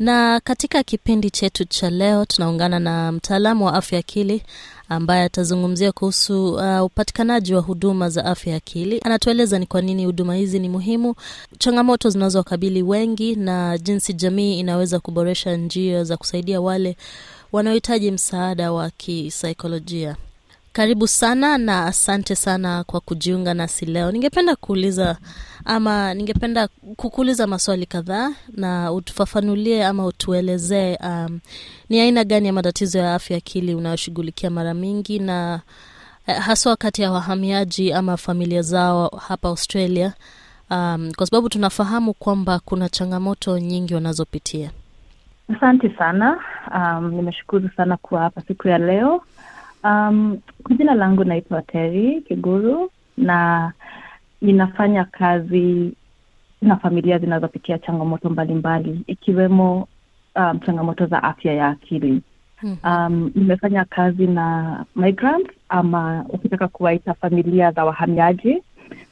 Na katika kipindi chetu cha leo tunaungana na mtaalamu wa afya akili ambaye atazungumzia kuhusu uh, upatikanaji wa huduma za afya akili. Anatueleza ni kwa nini huduma hizi ni muhimu, changamoto zinazowakabili wengi, na jinsi jamii inaweza kuboresha njia za kusaidia wale wanaohitaji msaada wa kisaikolojia. Karibu sana na asante sana kwa kujiunga nasi leo. Ningependa kuuliza ama ningependa kukuuliza maswali kadhaa na utufafanulie ama utuelezee um, ni aina gani ya matatizo ya afya akili unayoshughulikia mara mingi na eh, haswa kati ya wahamiaji ama familia zao hapa Australia, um, kwa sababu tunafahamu kwamba kuna changamoto nyingi wanazopitia. Asante sana um, nimeshukuru sana kuwa hapa siku ya leo Um, kwa jina langu naitwa Teri Kiguru na ninafanya kazi na familia zinazopitia changamoto mbalimbali mbali, ikiwemo um, changamoto za afya ya akili. Hmm. Um, nimefanya kazi na migrants ama ukitaka kuwaita familia za wahamiaji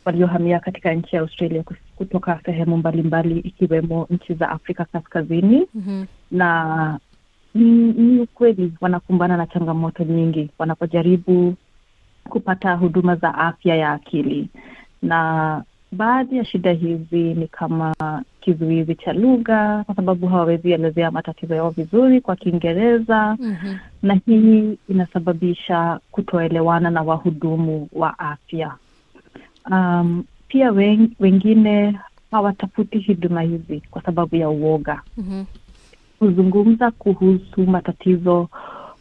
waliohamia katika nchi ya Australia kutoka sehemu mbalimbali ikiwemo nchi za Afrika Kaskazini mm -hmm. na ni, ni ukweli wanakumbana na changamoto nyingi wanapojaribu kupata huduma za afya ya akili, na baadhi ya shida hizi ni kama kizuizi cha lugha, kwa sababu hawawezi elezea matatizo yao vizuri kwa Kiingereza mm -hmm. na hii inasababisha kutoelewana na wahudumu wa afya. Um, pia wengine hawatafuti huduma hizi kwa sababu ya uoga mm -hmm kuzungumza kuhusu matatizo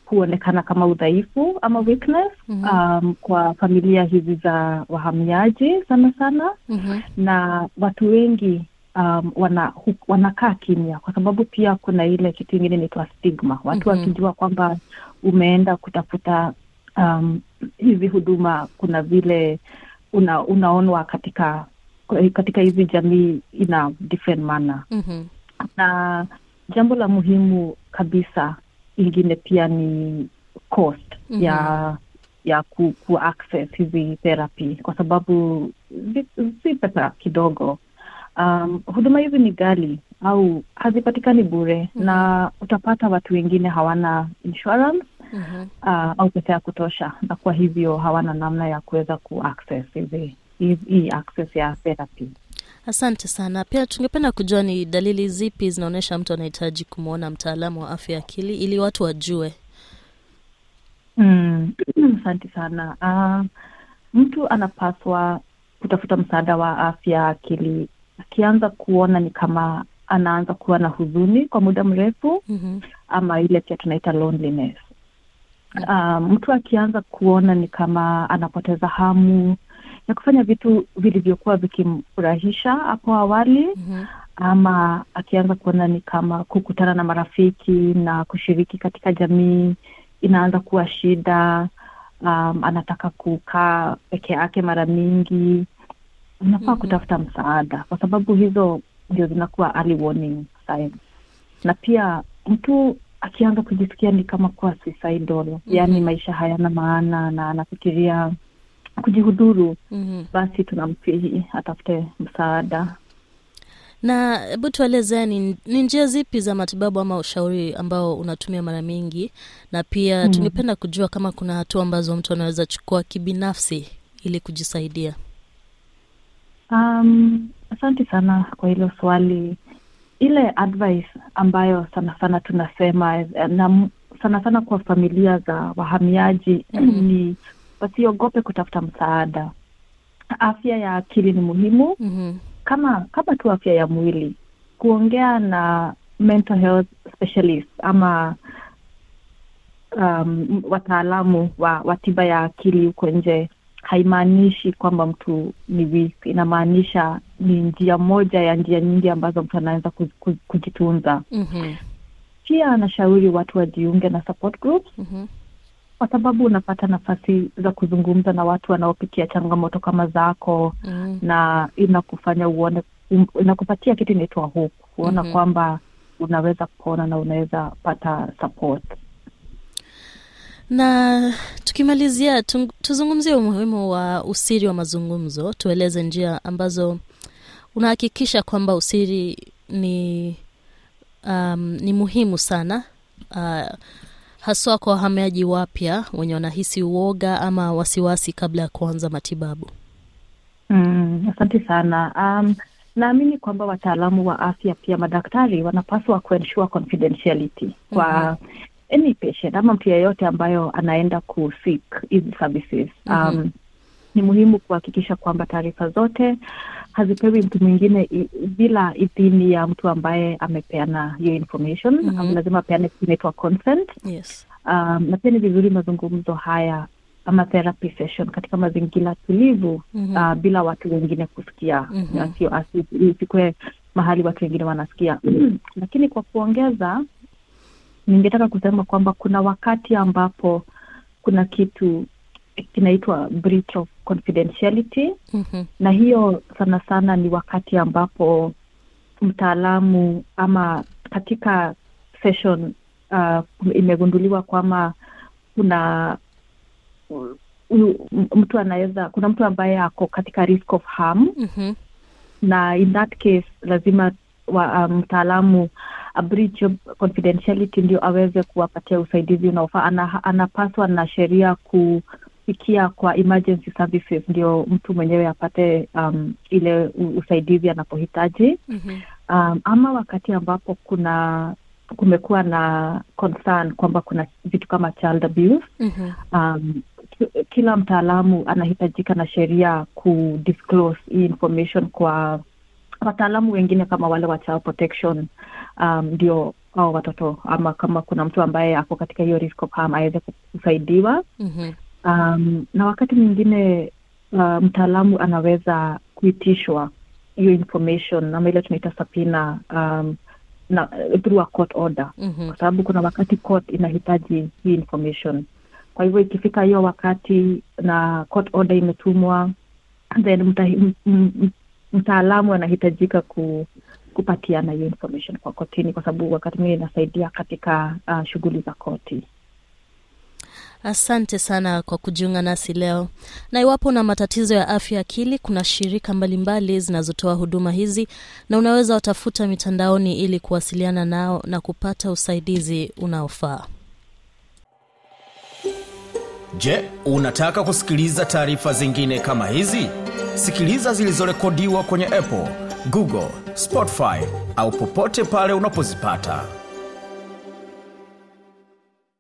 huonekana kama udhaifu ama weakness mm-hmm. um, kwa familia hizi za wahamiaji sana sana mm-hmm. na watu wengi um, wana, wanakaa kimya kwa sababu pia kuna ile kitu ingine inaitwa stigma watu mm-hmm. wakijua kwamba umeenda kutafuta um, hizi huduma kuna vile una, unaonwa katika katika hizi jamii ina different manner mm-hmm. na Jambo la muhimu kabisa ingine pia ni cost mm -hmm. ya mhm. ya ku, ku access hizi therapy kwa sababu si pesa kidogo. Um, huduma hizi ni gali au hazipatikani bure mm -hmm. na utapata watu wengine hawana insurance mm -hmm. uh, au pesa ya kutosha, na kwa hivyo hawana namna ya kuweza ku access hizi hii access ya therapy. Asante sana. Pia tungependa kujua ni dalili zipi zinaonyesha mtu anahitaji kumwona mtaalamu wa afya ya akili ili watu wajue. Mm, sana. Uh, mtu anapaswa kutafuta msaada wa afya ya akili akianza kuona ni kama anaanza kuwa na huzuni kwa muda mrefu mm-hmm. ama ile pia tunaita loneliness. Uh, mtu akianza kuona ni kama anapoteza hamu na kufanya vitu vilivyokuwa vikimfurahisha hapo awali mm-hmm. ama akianza kuona ni kama kukutana na marafiki na kushiriki katika jamii inaanza kuwa shida um, anataka kukaa peke yake mara mingi unafaa mm-hmm. kutafuta msaada kwa sababu hizo ndio zinakuwa early warning na pia mtu akianza kujisikia ni kama kuwa suicidal mm-hmm. yaani maisha hayana maana na anafikiria kujihuduru mm-hmm. basi tunamsihi atafute msaada na hebu tuelezea ni njia zipi za matibabu ama ushauri ambao unatumia mara mingi na pia mm. tungependa kujua kama kuna hatua ambazo mtu anaweza chukua kibinafsi ili kujisaidia um, asante sana kwa hilo swali ile advice ambayo sana sana tunasema eh, na sana sana kwa familia za wahamiaji mm-hmm. ni wasiogope kutafuta msaada. Afya ya akili ni muhimu mm -hmm. kama kama tu afya ya mwili, kuongea na mental health specialist ama um, wataalamu wa, wa tiba ya akili huko nje haimaanishi kwamba mtu ni weak, inamaanisha ni njia moja ya njia nyingi ambazo mtu anaweza kujitunza. mm -hmm. Pia anashauri watu wajiunge na support groups mm -hmm kwa sababu unapata nafasi za kuzungumza na watu wanaopitia changamoto kama zako mm. na inakufanya uone, um, inakupatia kitu inaitwa hope, kuona mm-hmm. kwamba unaweza kupona na unaweza pata support na tukimalizia tuzungumzie umuhimu wa usiri wa mazungumzo. Tueleze njia ambazo unahakikisha kwamba usiri ni um, ni muhimu sana uh, haswa kwa wahamiaji wapya wenye wanahisi uoga ama wasiwasi kabla ya kuanza matibabu? Mm, asante sana. Um, naamini kwamba wataalamu wa afya pia madaktari wanapaswa kuensure confidentiality kwa mm-hmm any patient ama mtu yeyote ambayo anaenda ku hizi services mhm. um, mm-hmm. ni muhimu kuhakikisha kwamba taarifa zote hazipewi mtu mwingine bila idhini ya mtu ambaye amepeana hiyo information mm-hmm. lazima apeane inaitwa consent yes. Um, na pia ni vizuri mazungumzo haya ama therapy session katika mazingira tulivu mm-hmm. uh, bila watu wengine kusikia mm-hmm. isikwe mahali watu wengine wanasikia mm-hmm. lakini kwa kuongeza ningetaka kusema kwamba kuna wakati ambapo kuna kitu kinaitwa breach of confidentiality mm-hmm. na hiyo sana sana ni wakati ambapo mtaalamu ama katika session uh, imegunduliwa kwama kuna mtu anaweza kuna mtu ambaye ako katika risk of harm mm-hmm. na in that case lazima wa uh, mtaalamu um, breach of confidentiality ndio aweze kuwapatia usaidizi unaofaa. Ana, anapaswa na sheria ku kufikia kwa emergency services ndio mtu mwenyewe apate um, ile usaidizi anapohitaji mm-hmm. um, ama wakati ambapo kuna kumekuwa na concern kwamba kuna vitu kama child abuse mm-hmm. um, kila mtaalamu anahitajika na sheria ku disclose hii information kwa wataalamu wengine kama wale wa child protection um, ndio um, au watoto ama kama kuna mtu ambaye ako katika hiyo risk of harm aweze kusaidiwa. mm-hmm um, na wakati mwingine uh, mtaalamu anaweza kuitishwa hiyo information ama ile tunaita sapina um, na uh, through a court order mm-hmm. kwa sababu kuna wakati court inahitaji hii information kwa hivyo ikifika hiyo wakati na court order imetumwa then mta, mtaalamu anahitajika ku kupatiana hiyo information kwa kotini kwa sababu wakati mwingine inasaidia katika uh, shughuli za koti Asante sana kwa kujiunga nasi leo. Na iwapo una matatizo ya afya akili, kuna shirika mbalimbali zinazotoa huduma hizi na unaweza watafuta mitandaoni ili kuwasiliana nao na kupata usaidizi unaofaa. Je, unataka kusikiliza taarifa zingine kama hizi? Sikiliza zilizorekodiwa kwenye Apple, Google, Spotify au popote pale unapozipata.